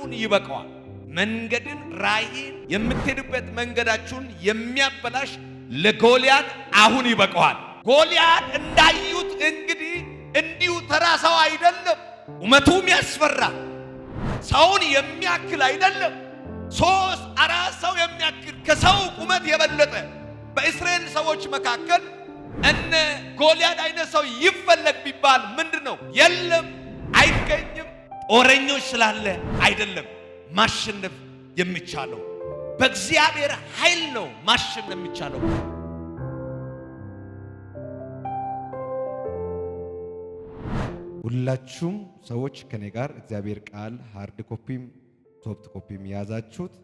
ብቻውን ይበቃዋል። መንገድን፣ ራእይን፣ የምትሄዱበት መንገዳችሁን የሚያበላሽ ለጎልያድ አሁን ይበቃዋል። ጎልያድ እንዳዩት እንግዲህ እንዲሁ ተራ ሰው አይደለም። ቁመቱም ያስፈራ ሰውን የሚያክል አይደለም። ሶስት አራት ሰው የሚያክል ከሰው ቁመት የበለጠ በእስራኤል ሰዎች መካከል እነ ጎልያድ አይነት ሰው ይፈለግ ቢባል ምንድን ነው? የለም፣ አይገኝም። ኦረኞች ስላለ አይደለም ማሸነፍ የሚቻለው በእግዚአብሔር ኃይል ነው ማሸነፍ የሚቻለው። ሁላችሁም ሰዎች ከኔ ጋር እግዚአብሔር ቃል ሃርድ ኮፒም ሶፍት ኮፒም የያዛችሁት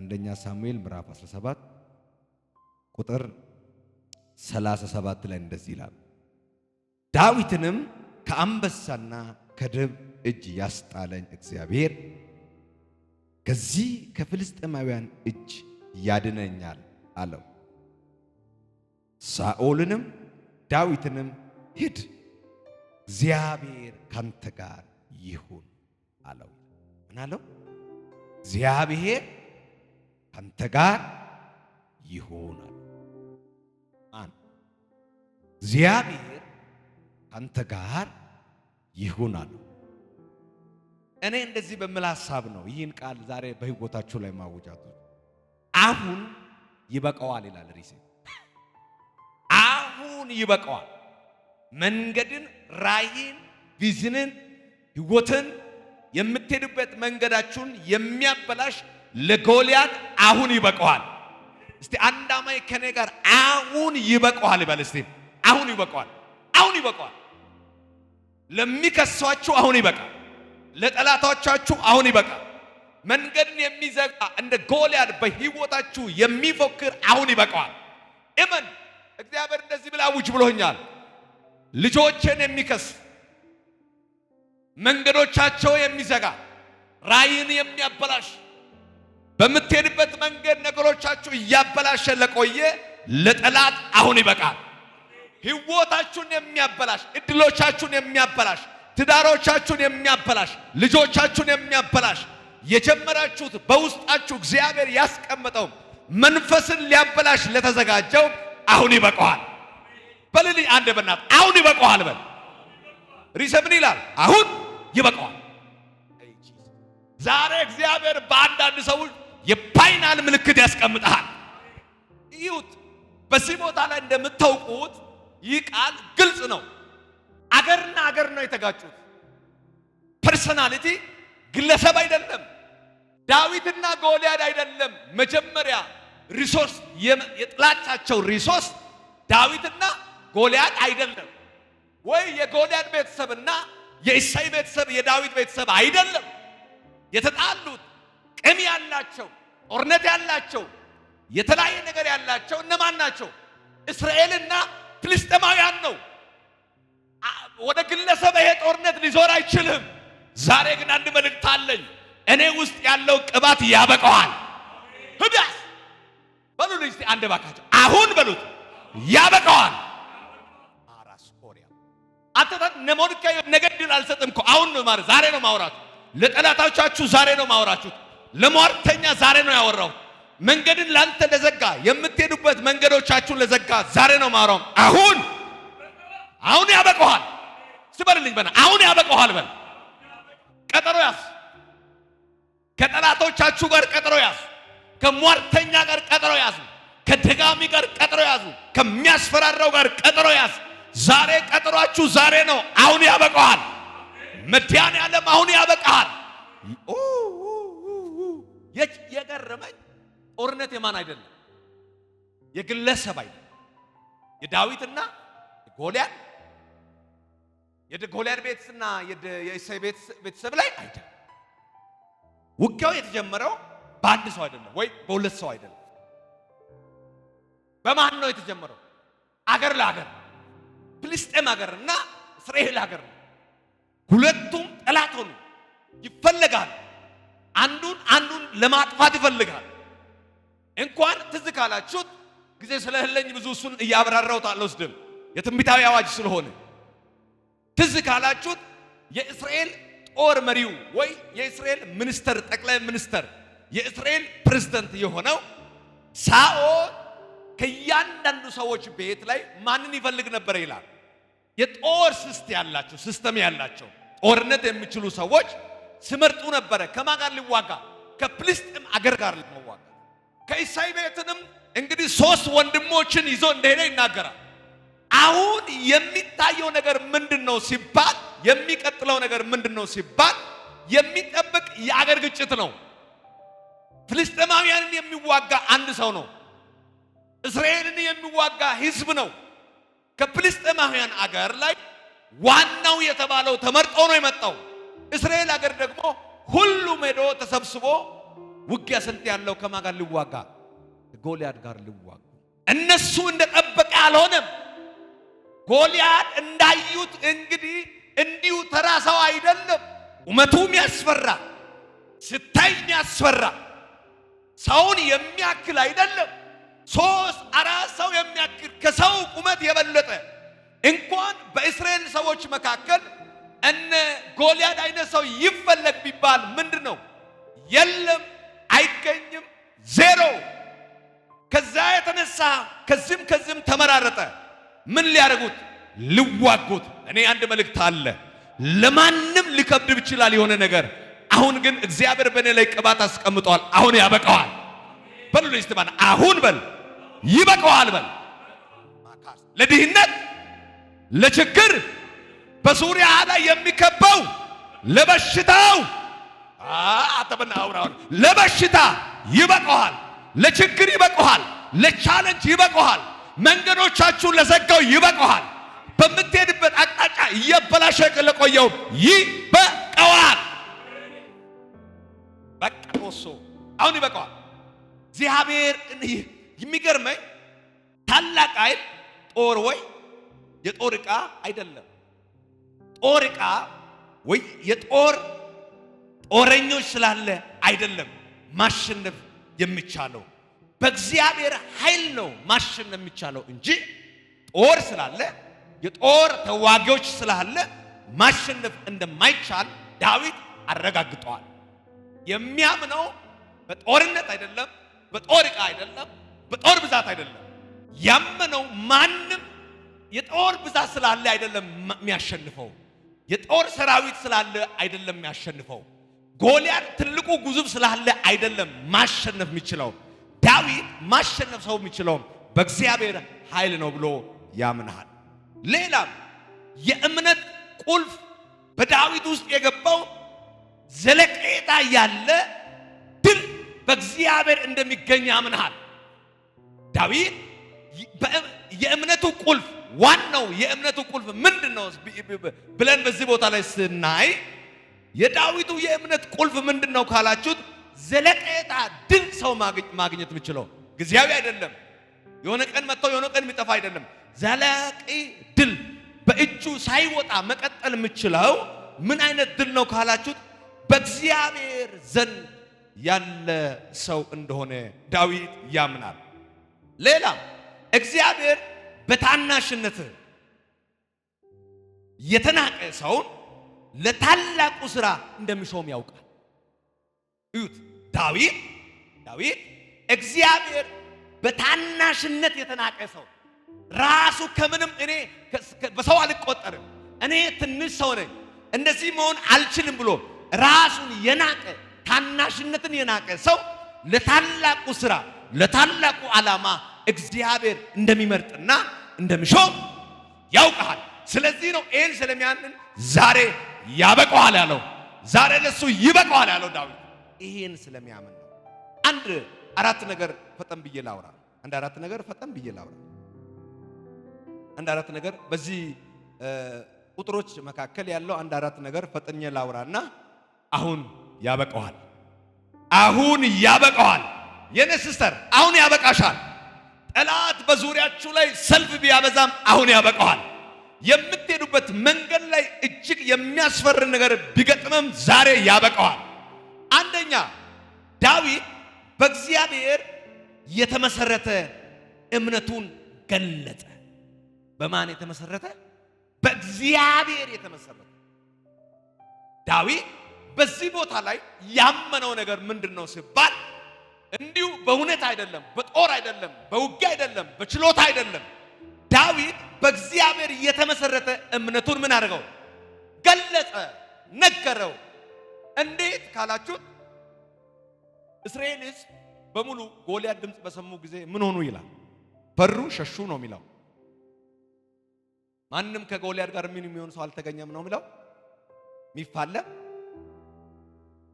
አንደኛ ሳሙኤል ምዕራፍ 17 ቁጥር 37 ላይ እንደዚህ ይላል፣ ዳዊትንም ከአንበሳና ከደም እጅ ያስጣለኝ እግዚአብሔር ከዚህ ከፍልስጥኤማውያን እጅ ያድነኛል አለው። ሳኦልንም ዳዊትንም ሂድ እግዚአብሔር ካንተ ጋር ይሁን አለው። ምን አለው? እግዚአብሔር ካንተ ጋር ይሁን አለው። አን እግዚአብሔር ካንተ ጋር ይሁን እኔ እንደዚህ በምል ሀሳብ ነው ይህን ቃል ዛሬ በህይወታችሁ ላይ ማወጃቱ። አሁን ይበቃዋል ይላል ርዕሴ። አሁን ይበቃዋል። መንገድን፣ ራይን ቪዥንን፣ ህይወትን የምትሄዱበት መንገዳችሁን የሚያበላሽ ለጎሊያት አሁን ይበቃዋል። እስቲ አንድ አማይ ከኔ ጋር አሁን ይበቃዋል ይበል። እስቲ አሁን ይበቃዋል። አሁን ይበቃዋል። ለሚከሷችሁ አሁን ይበቃል። ለጠላቶቻችሁ አሁን ይበቃል። መንገድን የሚዘጋ እንደ ጎልያድ በሕይወታችሁ የሚፎክር አሁን ይበቃዋል። እመን። እግዚአብሔር እንደዚህ ብላ አውጅ ብሎኛል። ልጆችን የሚከስ መንገዶቻቸው የሚዘጋ ራይን የሚያበላሽ በምትሄድበት መንገድ ነገሮቻችሁ እያበላሸ ለቆየ ለጠላት አሁን ይበቃል። ህይወታችሁን የሚያበላሽ፣ እድሎቻችሁን የሚያበላሽ፣ ትዳሮቻችሁን የሚያበላሽ፣ ልጆቻችሁን የሚያበላሽ የጀመራችሁት በውስጣችሁ እግዚአብሔር ያስቀመጠው መንፈስን ሊያበላሽ ለተዘጋጀው አሁን ይበቀዋል በልልኝ። አንድ በናት አሁን ይበቃዋል በል። ሪሰ ምን ይላል? አሁን ይበቀዋል ዛሬ እግዚአብሔር በአንዳንድ ሰዎች የፋይናል ምልክት ያስቀምጠሃል። ይሁት በዚህ ቦታ ላይ እንደምታውቁት ይህ ቃል ግልጽ ነው። አገርና አገር ነው የተጋጩት። ፐርሰናሊቲ ግለሰብ አይደለም፣ ዳዊትና ጎልያድ አይደለም። መጀመሪያ ሪሶርስ የጥላቻቸው ሪሶርስ ዳዊትና ጎልያድ አይደለም፣ ወይ የጎልያድ ቤተሰብና የኢሳይ ቤተሰብ የዳዊት ቤተሰብ አይደለም። የተጣሉት ቅም ያላቸው ጦርነት ያላቸው የተለያየ ነገር ያላቸው እነማን ናቸው? እስራኤልና ፍልስጤማውያን ነው። ወደ ግለሰብ ይሄ ጦርነት ሊዞር አይችልም። ዛሬ ግን አንድ መልእክት አለኝ። እኔ ውስጥ ያለው ቅባት ያበቀዋል። ህዳስ በሉ ልጅ አንድ ባካቸው አሁን በሉት ያበቀዋል። አራስ ኮሪያ አንተ ነሞኒካ ነገ ድል አልሰጥም እኮ አሁን ነው ማለት ዛሬ ነው ማውራቱ። ለጠላቶቻችሁ ዛሬ ነው ማውራችሁት። ለሟርተኛ ዛሬ ነው ያወራሁት። መንገድን ላንተ ለዘጋ የምትሄዱበት መንገዶቻችሁን ለዘጋ ዛሬ ነው ማሮም አሁን አሁን ያበቀዋል ስበልልኝ በና አሁን ያበቀዋል በል ቀጠሮ ያስ ከጠላቶቻችሁ ጋር ቀጠሮ ያዝ ከሟርተኛ ጋር ቀጠሮ ያዝ ከደጋሚ ጋር ቀጠሮ ያዙ ከሚያስፈራራው ጋር ቀጠሮ ያዝ ዛሬ ቀጠሯችሁ ዛሬ ነው አሁን ያበቀዋል መድኃኔዓለም አሁን ያበቃል የገረመኝ ጦርነት የማን አይደለም፣ የግለሰብ አይደለም። የዳዊትና ጎልያድ፣ የጎልያድ ቤትና የእሴይ ቤተሰብ ላይ አይደለም። ውጊያው የተጀመረው በአንድ ሰው አይደለም፣ ወይ በሁለት ሰው አይደለም። በማን ነው የተጀመረው? አገር ለአገር ፍልስጤም አገር እና እስራኤል አገር ነው። ሁለቱም ጠላት ሆኑ፣ ይፈለጋሉ። አንዱን አንዱን ለማጥፋት ይፈልጋል። እንኳን ትዝ ካላችሁት ጊዜ ስለሌለኝ ብዙ እሱን እያብራራሁት አልወስድም፣ የትንቢታዊ አዋጅ ስለሆነ ትዝ ካላችሁት የእስራኤል ጦር መሪው ወይ የእስራኤል ሚኒስተር ጠቅላይ ሚኒስተር የእስራኤል ፕሬዝዳንት የሆነው ሳኦል ከእያንዳንዱ ሰዎች ቤት ላይ ማንን ይፈልግ ነበር ይላል። የጦር ስስት ያላቸው ሲስተም ያላቸው ጦርነት የሚችሉ ሰዎች ሲመርጡ ነበረ። ከማን ጋር ሊዋጋ? ከፍልስጥኤም አገር ጋር ከኢሳይ ቤትንም እንግዲህ ሶስት ወንድሞችን ይዞ እንደሄደ ይናገራል። አሁን የሚታየው ነገር ምንድን ነው ሲባል የሚቀጥለው ነገር ምንድን ነው ሲባል የሚጠብቅ የአገር ግጭት ነው። ፍልስጤማውያንን የሚዋጋ አንድ ሰው ነው። እስራኤልን የሚዋጋ ህዝብ ነው። ከፍልስጤማውያን አገር ላይ ዋናው የተባለው ተመርጦ ነው የመጣው። እስራኤል አገር ደግሞ ሁሉም ሄዶ ተሰብስቦ ውጊያ ስልት ያለው ከማ ጋር ሊዋጋ ጎልያድ ጋር ሊዋጋ እነሱ እንደጠበቀ አልሆነም። ጎልያድ እንዳዩት እንግዲህ እንዲሁ ተራ ሰው አይደለም። ቁመቱም ያስፈራ፣ ስታይ የሚያስፈራ ሰውን የሚያክል አይደለም። ሶስት አራት ሰው የሚያክል ከሰው ቁመት የበለጠ እንኳን በእስራኤል ሰዎች መካከል እነ ጎልያድ አይነት ሰው ይፈለግ ቢባል ምንድን ነው የለም። አይገኝም፣ ዜሮ። ከዛ የተነሳ ከዚህም ከዚህም ተመራረጠ። ምን ሊያደርጉት ሊዋጉት። እኔ አንድ መልእክት አለ። ለማንም ሊከብድ ይችላል የሆነ ነገር። አሁን ግን እግዚአብሔር በእኔ ላይ ቅባት አስቀምጧል። አሁን ያበቃዋል በሉ ለይስተባን አሁን በል ይበቃዋል በል ለድህነት ለችግር በሱሪያ ላይ የሚከበው ለበሽታው አተበና አውራውን ለበሽታ ይበቀዋል ለችግር ይበቃዋል፣ ለቻለንጅ ይበቀዋል። መንገዶቻችሁን ለዘጋው ይበቀዋል። በምትሄድበት አቅጣጫ እየበላሸ ለቆየው ይበቀዋል። በቃ ሆሶ አሁን ይበቀዋል። እግዚአብሔር የሚገርመኝ ታላቅ ኃይል ጦር ወይ የጦር ዕቃ አይደለም። ጦር ዕቃ ወይ የጦር ጦረኞች ስላለ አይደለም ማሸነፍ የሚቻለው በእግዚአብሔር ኃይል ነው ማሸነፍ የሚቻለው እንጂ ጦር ስላለ የጦር ተዋጊዎች ስላለ ማሸነፍ እንደማይቻል ዳዊት አረጋግጠዋል። የሚያምነው በጦርነት አይደለም፣ በጦር ዕቃ አይደለም፣ በጦር ብዛት አይደለም። ያመነው ማንም የጦር ብዛት ስላለ አይደለም የሚያሸንፈው፣ የጦር ሰራዊት ስላለ አይደለም የሚያሸንፈው ጎልያድ ትልቁ ግዙፍ ስላለ አይደለም ማሸነፍ የሚችለው ዳዊት ማሸነፍ ሰው የሚችለውም በእግዚአብሔር ኃይል ነው ብሎ ያምናል። ሌላም የእምነት ቁልፍ በዳዊት ውስጥ የገባው ዘለቄታ ያለ ድል በእግዚአብሔር እንደሚገኝ ያምናሃል። ዳዊት የእምነቱ ቁልፍ ዋናው የእምነቱ ቁልፍ ምንድን ነው ብለን በዚህ ቦታ ላይ ስናይ የዳዊቱ የእምነት ቁልፍ ምንድን ነው ካላችሁት፣ ዘለቀጣ ድንቅ ሰው ማግኘት የምችለው ጊዜያዊ አይደለም። የሆነ ቀን መጥተው የሆነ ቀን የሚጠፋ አይደለም። ዘላቂ ድል በእጁ ሳይወጣ መቀጠል የምችለው ምን አይነት ድል ነው ካላችሁት፣ በእግዚአብሔር ዘንድ ያለ ሰው እንደሆነ ዳዊት ያምናል። ሌላ እግዚአብሔር በታናሽነት የተናቀ ሰውን ለታላቁ ስራ እንደሚሾም ያውቃል። እዩት ዳዊት ዳዊት እግዚአብሔር በታናሽነት የተናቀ ሰው ራሱ ከምንም እኔ በሰው አልቆጠርም እኔ ትንሽ ሰው ነኝ እንደዚህ መሆን አልችልም ብሎ ራሱን የናቀ ታናሽነትን የናቀ ሰው ለታላቁ ስራ ለታላቁ ዓላማ እግዚአብሔር እንደሚመርጥና እንደሚሾም ያውቃል። ስለዚህ ነው ይህን ስለሚያንን ዛሬ ያበቀዋል ያለው ዛሬ ለሱ ይበቀዋል ያለው ዳዊት ይሄን ስለሚያምን ነው። አንድ አራት ነገር ፈጠን ብዬ ላውራ። አንድ አራት ነገር ፈጠን ብዬ ላውራ። አንድ አራት ነገር በዚህ ቁጥሮች መካከል ያለው አንድ አራት ነገር ፈጠኘ ላውራና አሁን ያበቀዋል፣ አሁን ያበቀዋል። የኔ ሲስተር አሁን ያበቃሻል። ጠላት በዙሪያችሁ ላይ ሰልፍ ቢያበዛም አሁን ያበቀዋል። የምትሄዱበት መንገድ ላይ እጅግ የሚያስፈር ነገር ቢገጥምም ዛሬ ያበቀዋል። አንደኛ ዳዊት በእግዚአብሔር የተመሰረተ እምነቱን ገለጠ። በማን የተመሰረተ? በእግዚአብሔር የተመሰረተ ዳዊት በዚህ ቦታ ላይ ያመነው ነገር ምንድን ነው ሲባል እንዲሁ በእውነት አይደለም፣ በጦር አይደለም፣ በውጊያ አይደለም፣ በችሎታ አይደለም ዳዊት በእግዚአብሔር የተመሰረተ እምነቱን ምን አድርገው ገለጸ፣ ነገረው። እንዴት ካላችሁት እስራኤልስ በሙሉ ጎልያድ ድምፅ በሰሙ ጊዜ ምን ሆኑ ይላል። ፈሩ፣ ሸሹ ነው የሚለው። ማንም ከጎልያድ ጋር ምን የሚሆን ሰው አልተገኘም ነው የሚለው። ሚፋለም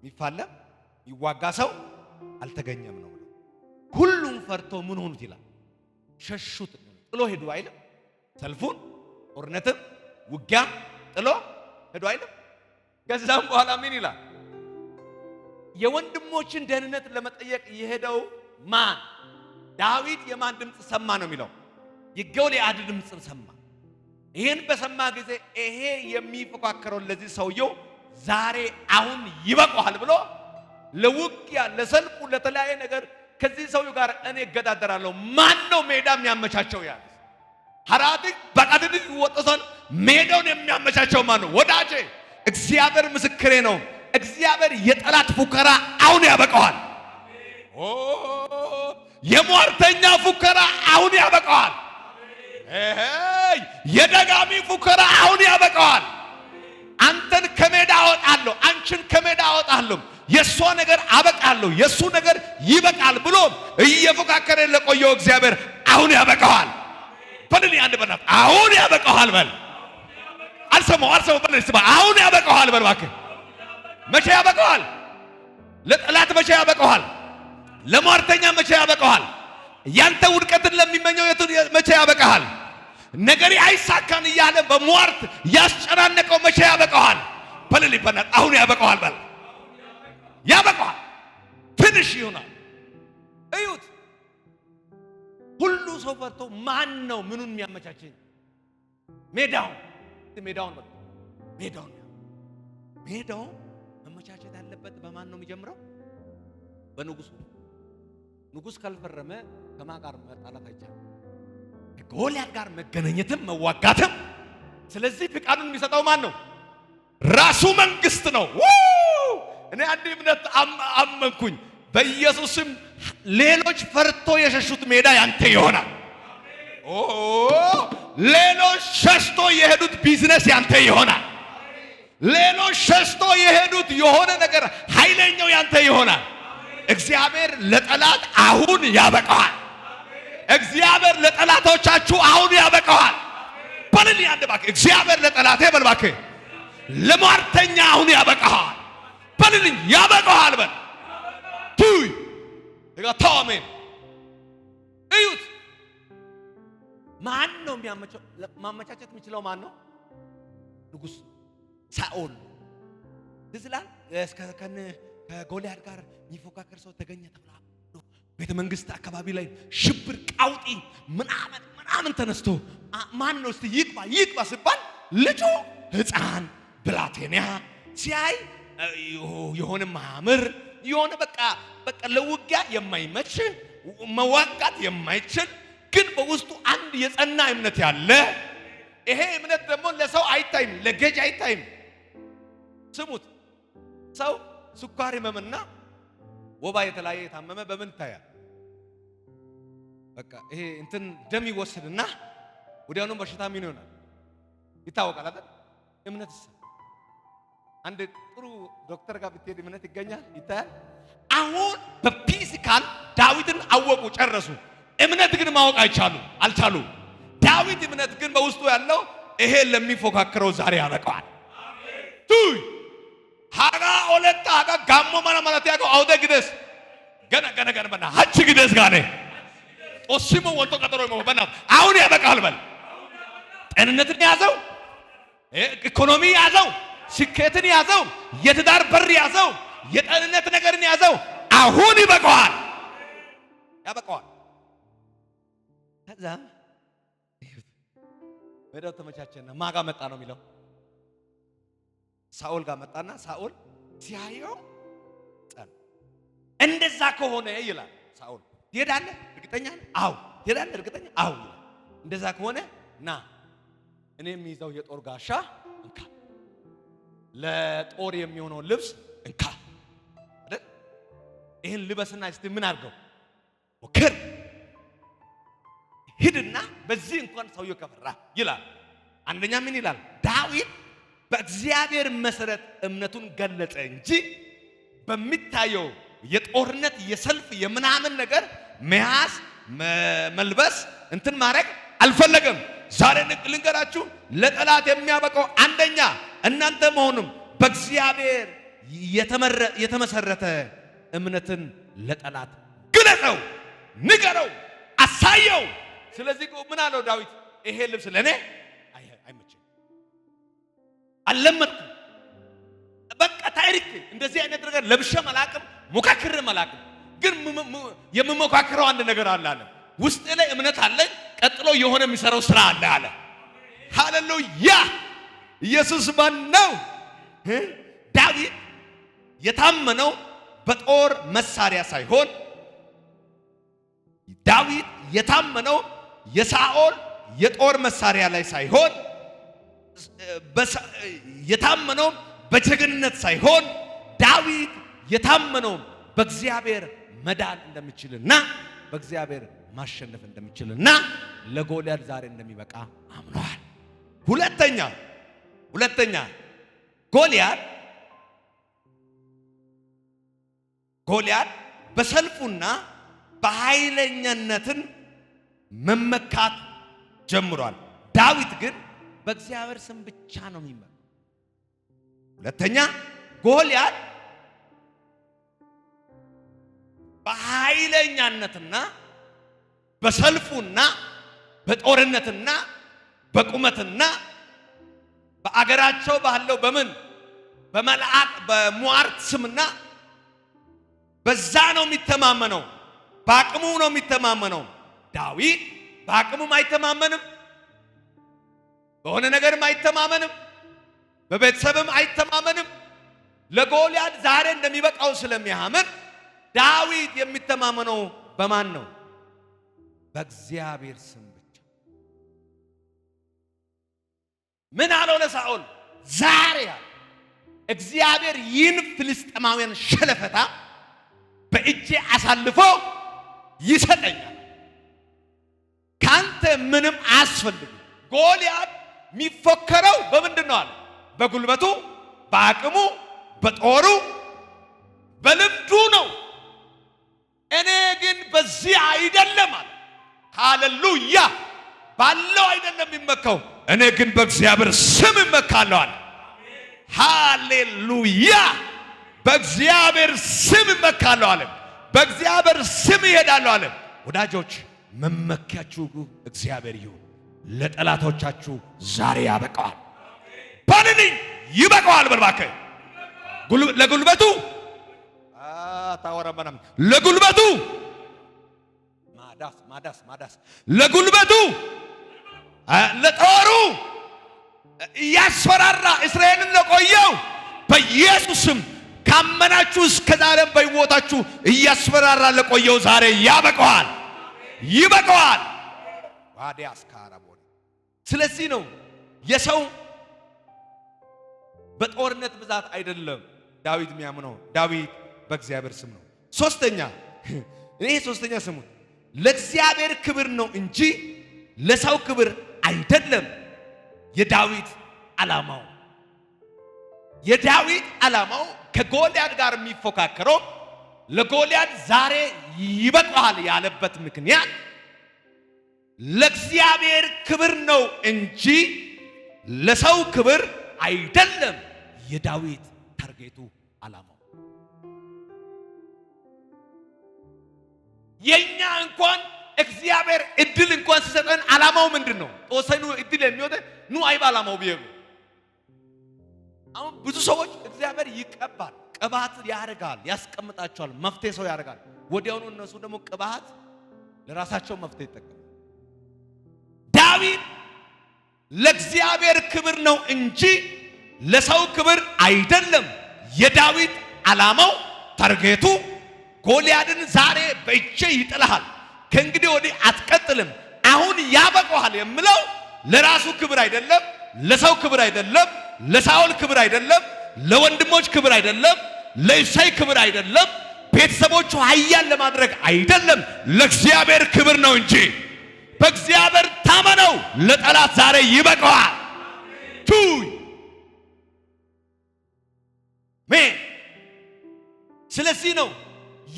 ሚፋለም ሚዋጋ ሰው አልተገኘም ነው። ሁሉም ፈርተው ምን ሆኑት ይላል ሸሹት። ጥሎ ሄዱ አይልም። ሰልፉን፣ ጦርነትም፣ ውጊያም ጥሎ ሄዱ አይልም። ከዛም በኋላ ምን ይላል? የወንድሞችን ደህንነት ለመጠየቅ የሄደው ማን? ዳዊት የማን ድምፅ ሰማ ነው የሚለው? የጎልያድ ድምጽ ሰማ። ይህን በሰማ ጊዜ ይሄ የሚፎካከረው ለዚህ ሰውየው ዛሬ አሁን ይበቃዋል ብሎ ለውጊያ ለሰልፉ፣ ለተለያየ ነገር ከዚህ ሰው ጋር እኔ እገዳደራለሁ። ማን ነው ሜዳ የሚያመቻቸው? ያ ሀራቲ በቀድድ ይወጥሰን ሜዳውን የሚያመቻቸው ማን ነው? ወዳጄ እግዚአብሔር ምስክሬ ነው። እግዚአብሔር የጠላት ፉከራ አሁን ያበቀዋል። የሟርተኛ ፉከራ አሁን ያበቀዋል። የደጋሚ ፉከራ አሁን ያበቀዋል። አንተን ከሜዳ አወጣለሁ፣ አንቺን ከሜዳ አወጣለሁ፣ የእሷ ነገር አበቃለሁ፣ የእሱ ነገር ይበቃል ብሎ እየፎካከረ ለቆየው እግዚአብሔር አሁን ያበቃዋል። በልን አንድ በና አሁን ያበቃዋል በል አልሰማው አልሰማው በል ስማ አሁን ያበቃዋል በል እባክህ። መቼ ያበቃዋል? ለጠላት መቼ ያበቃዋል? ለሟርተኛ መቼ ያበቃዋል? ያንተ ውድቀትን ለሚመኘው የቱን መቼ ያበቃሃል? ነገሬ አይሳካን እያለ በሟርት ያስጨናነቀው መቼ ያበቀዋል? በልል ይበናል። አሁን ያበቀዋል፣ በል ያበቀዋል። ትንሽ ይሆናል። እዩት። ሁሉ ሰው ፈርቶ ማን ነው ምኑን የሚያመቻችኝ? ሜዳውን ሜዳውን ሜዳውን ሜዳው መመቻቸት ያለበት በማን ነው የሚጀምረው? በንጉሱ። ንጉስ ካልፈረመ ከማን ጋር መጣላት አይቻልም። ጎልያድ ጋር መገናኘትም መዋጋትም። ስለዚህ ፍቃዱን የሚሰጠው ማን ነው? ራሱ መንግስት ነው። እኔ አንድ እምነት አመንኩኝ በኢየሱስም ሌሎች ፈርቶ የሸሹት ሜዳ ያንተ ይሆናል። ሌሎች ሸሽቶ የሄዱት ቢዝነስ ያንተ ይሆናል። ሌሎች ሸሽቶ የሄዱት የሆነ ነገር ኃይለኛው ያንተ ይሆናል። እግዚአብሔር ለጠላት አሁን ያበቃዋል። እግዚአብሔር ለጠላቶቻችሁ አሁን ያበቀዋል። በልል ያንድ ባክ እግዚአብሔር ለጠላቴ በል ባክ ለሟርተኛ አሁን ያበቀዋል። በልልኝ ያበቀዋል። በል ቱይ ተዋሜ እዩት። ማን ነው ማመቻቸት የሚችለው? ማን ነው? ንጉሥ ሳኦል ትዝላል። ከጎልያድ ጋር የሚፎካከር ሰው ተገኘ ተብሏል። ቤተ መንግስት አካባቢ ላይ ሽብር ቃውጢ ምናምን ምናምን ተነስቶ ማን ነው እስቲ ይቅባ ይቅባ ሲባል ልጁ ህፃን ብላቴና ሲያይ የሆነ ማምር የሆነ በቃ በቃ ለውጊያ የማይመች መዋጋት የማይችል ግን በውስጡ አንድ የጸና እምነት ያለ ይሄ እምነት ደግሞ ለሰው አይታይም፣ ለገጅ አይታይም። ስሙት ሰው ስኳር ህመምና ወባ የተለያየ የታመመ በምን ይታያል? በቃ ይሄ እንትን ደም ይወስድና ወዲያውኑም በሽታ ምን ይሆናል ይታወቃል አይደል? እምነትስ አንድ ጥሩ ዶክተር ጋር ብትሄድ እምነት ይገኛል ይታያል። አሁን በፊዚካል ዳዊትን አወቁ ጨረሱ። እምነት ግን ማወቅ አይቻሉ አልቻሉ። ዳዊት እምነት ግን በውስጡ ያለው ይሄ ለሚፎካከረው ዛሬ ያበቃዋል። hagaa oletta hagaa gammo mana malatiyaago awude gides gana gana gana bana hachi gides gaane ኦሲሞ ወልቶ ቀጠሮ ይመበና አሁን ያበቃል በል። ጤንነትን ያዘው፣ ኢኮኖሚ ያዘው፣ ስኬትን ያዘው፣ የትዳር በር ያዘው፣ የጤንነት ነገርን ያዘው። አሁን ይበቃዋል፣ ያበቃዋል። ከዛ በደው ተመቻቸና ማጋ መጣ ነው የሚለው ሳኦል ጋር መጣና ሳኦል ሲያየው ጸኑ። እንደዛ ከሆነ ይላል ሳኦል ትሄዳለህ? እርግጠኛ አው አዎ። እርግጠኛ አው ይላል። እንደዛ ከሆነ ና እኔ የሚይዘው የጦር ጋሻ እንካ፣ ለጦር የሚሆነው ልብስ እንካ አይደል? ይህን ልበስና እስቲ ምን አድርገው ሞክር፣ ሂድና በዚህ እንኳን ሰውየው ከፈራ ይላል። አንደኛ ምን ይላል ዳዊት በእግዚአብሔር መሰረት እምነቱን ገለጸ እንጂ በሚታየው የጦርነት የሰልፍ የምናምን ነገር መያዝ መልበስ እንትን ማድረግ አልፈለገም። ዛሬ ልንገራችሁ ለጠላት የሚያበቃው አንደኛ እናንተ መሆኑም በእግዚአብሔር የተመሰረተ እምነትን ለጠላት ግለጠው፣ ንገረው፣ አሳየው። ስለዚህ ምን አለው ዳዊት? ይሄ ልብስ ለእኔ አልለመድኩም። በቃ ታሪክ እንደዚህ አይነት ነገር ለብሼም አላቅም፣ ሞካክሬም አላቅም። ግን የምሞካክረው አንድ ነገር አለ አለ ውስጤ ላይ እምነት አለኝ። ቀጥሎ የሆነ የሚሰራው ስራ አለ አለ። ሃሌሉያ! ኢየሱስ ማን ነው? ዳዊት የታመነው በጦር መሳሪያ ሳይሆን ዳዊት የታመነው የሳኦል የጦር መሳሪያ ላይ ሳይሆን የታመነው በጀግንነት ሳይሆን ዳዊት የታመነው በእግዚአብሔር መዳን እንደሚችልና በእግዚአብሔር ማሸነፍ እንደሚችልና ለጎልያድ ዛሬ እንደሚበቃ አምነዋል። ሁለተኛ ሁለተኛ ጎልያድ ጎልያድ በሰልፉና በኃይለኛነትን መመካት ጀምሯል። ዳዊት ግን በእግዚአብሔር ስም ብቻ ነው የሚመሩ። ሁለተኛ ጎልያድ በኃይለኛነትና በሰልፉና በጦርነትና በቁመትና በአገራቸው ባለው በምን በመልአክ በሙዋርት ስምና በዛ ነው የሚተማመነው። በአቅሙ ነው የሚተማመነው። ዳዊት በአቅሙም አይተማመንም በሆነ ነገርም አይተማመንም፣ በቤተሰብም አይተማመንም። ለጎልያድ ዛሬ እንደሚበቃው ስለሚያምን ዳዊት የሚተማመነው በማን ነው? በእግዚአብሔር ስም ብቻ። ምን አለው ለሳኦል? ዛሬ አለ እግዚአብሔር ይህን ፍልስጥማውያን ሸለፈታ በእጄ አሳልፎ ይሰጠኛል፣ ካንተ ምንም አያስፈልግም። ጎልያድ የሚፎከረው በምንድን ነው አለ? በጉልበቱ፣ በአቅሙ፣ በጦሩ፣ በልምዱ ነው። እኔ ግን በዚህ አይደለም አለ። ሃሌሉያ! ባለው አይደለም የሚመካው፣ እኔ ግን በእግዚአብሔር ስም እመካለሁ አለ። ሃሌሉያ! በእግዚአብሔር ስም እመካለሁ አለ። በእግዚአብሔር ስም ይሄዳለሁ አለ። ወዳጆች መመኪያችሁ እግዚአብሔር ይሁን። ለጠላቶቻችሁ ዛሬ ያበቀዋል ባንልኝ ይበቃዋል። በልባከ ለጉልበቱ ታወረመነም ለጉልበቱ ማዳስ ማዳስ ማዳስ ለጉልበቱ ለጦሩ እያስፈራራ እስራኤልን ለቆየው በኢየሱስም ካመናችሁ እስከ ዛሬም በሕይወታችሁ እያስፈራራ ለቆየው ዛሬ ያበቀዋል፣ ይበቀዋል። ዋዲያስ ካራ ስለዚህ ነው የሰው በጦርነት ብዛት አይደለም ዳዊት የሚያምነው ዳዊት በእግዚአብሔር ስም ነው። ሶስተኛ እኔ ሶስተኛ ስሙ ለእግዚአብሔር ክብር ነው እንጂ ለሰው ክብር አይደለም። የዳዊት ዓላማው የዳዊት ዓላማው ከጎልያድ ጋር የሚፎካከረው ለጎልያድ ዛሬ ይበቃል ያለበት ምክንያት ለእግዚአብሔር ክብር ነው እንጂ ለሰው ክብር አይደለም። የዳዊት ታርጌቱ ዓላማው የኛ እንኳን እግዚአብሔር እድል እንኳን ሲሰጠን ዓላማው ምንድን ነው? ተወሰኑ እድል የሚወጠ ኑ አይባ ዓላማው ብዬ አሁን ብዙ ሰዎች እግዚአብሔር ይቀባል፣ ቅባት ያደርጋል፣ ያስቀምጣቸዋል፣ መፍትሄ ሰው ያደርጋል። ወዲያውኑ እነሱ ደግሞ ቅባት ለራሳቸው መፍትሄ ይጠቀማል። ዳዊት ለእግዚአብሔር ክብር ነው እንጂ ለሰው ክብር አይደለም። የዳዊት ዓላማው ታርጌቱ ጎልያድን ዛሬ በእጄ ይጥልሃል፣ ከእንግዲህ ወዲህ አትቀጥልም፣ አሁን ያበቀዋል የምለው ለራሱ ክብር አይደለም፣ ለሰው ክብር አይደለም፣ ለሳኦል ክብር አይደለም፣ ለወንድሞች ክብር አይደለም፣ ለእሳይ ክብር አይደለም፣ ቤተሰቦቹ ኃያል ለማድረግ አይደለም፣ ለእግዚአብሔር ክብር ነው እንጂ በእግዚአብሔር ታመነው ለጠላት ዛሬ ይበቀዋል። ቱይ ሜ ስለዚህ ነው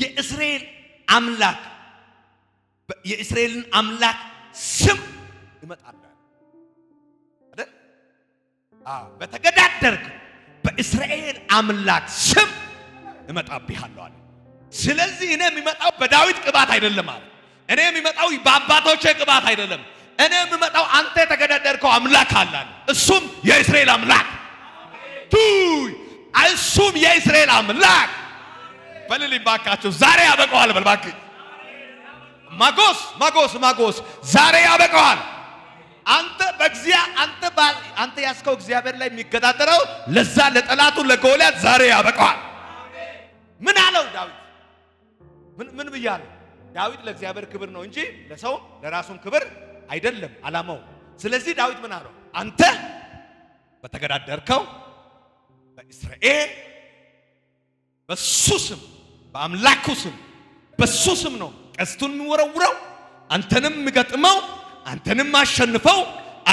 የእስራኤል አምላክ የእስራኤልን አምላክ ስም ይመጣል በተገዳደርክ በእስራኤል አምላክ ስም እመጣብሃለሁ አለ። ስለዚህ እኔ የሚመጣው በዳዊት ቅባት አይደለም አለ። እኔ የሚመጣው በአባቶቼ ቅባት አይደለም። እኔ የሚመጣው አንተ የተገዳደርከው አምላክ አላል። እሱም የእስራኤል አምላክ ቱይ እሱም የእስራኤል አምላክ በልል ባካቸው ዛሬ ያበቀዋል። በልባክ ማጎስ ማጎስ ማጎስ ዛሬ ያበቀዋል። አንተ በግዚያ አንተ ባል አንተ ያስከው እግዚአብሔር ላይ የሚገዳደረው ለዛ ለጠላቱ ለጎልያት ዛሬ ያበቀዋል። ምን አለው ዳዊት? ምን ምን ብያለሁ ዳዊት ለእግዚአብሔር ክብር ነው እንጂ ለሰው ለራሱም ክብር አይደለም አላማው። ስለዚህ ዳዊት ምን አለው? አንተ በተገዳደርከው በእስራኤል በሱ ስም በአምላኩ ስም በሱ ስም ነው ቀስቱን የሚወረውረው አንተንም የሚገጥመው አንተንም አሸንፈው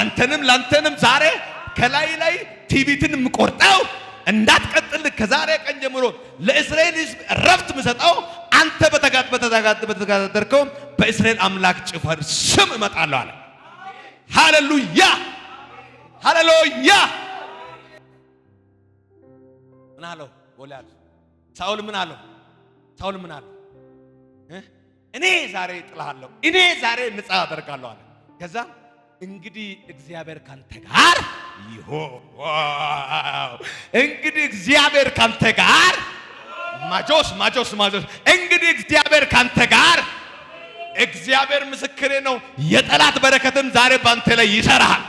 አንተንም ላንተንም ዛሬ ከላይ ላይ ቲቪትን የምቆርጠው እንዳትቀጥል ከዛሬ ቀን ጀምሮ ለእስራኤል ሕዝብ ረፍት የምሰጠው አንተ በተጋደርከው በእስራኤል አምላክ ጭፈር ስም እመጣለሁ አለ። ሃሌሉያ ሃሌሉያ። ምን አለው ጎልያድ? ሳውል ምን አለው? ሳውል ምን አለው? እኔ ዛሬ እጥልሃለሁ፣ እኔ ዛሬ ንጻ አደርጋለሁ አለ። ከዛ እንግዲህ እግዚአብሔር ካንተ ጋር ይሆን፣ እንግዲህ እግዚአብሔር ካንተ ጋር ማጆስ ማጆስ ማጆስ። እንግዲህ እግዚአብሔር ካንተ ጋር እግዚአብሔር ምስክሬ ነው። የጠላት በረከትም ዛሬ ባንተ ላይ ይሰራል።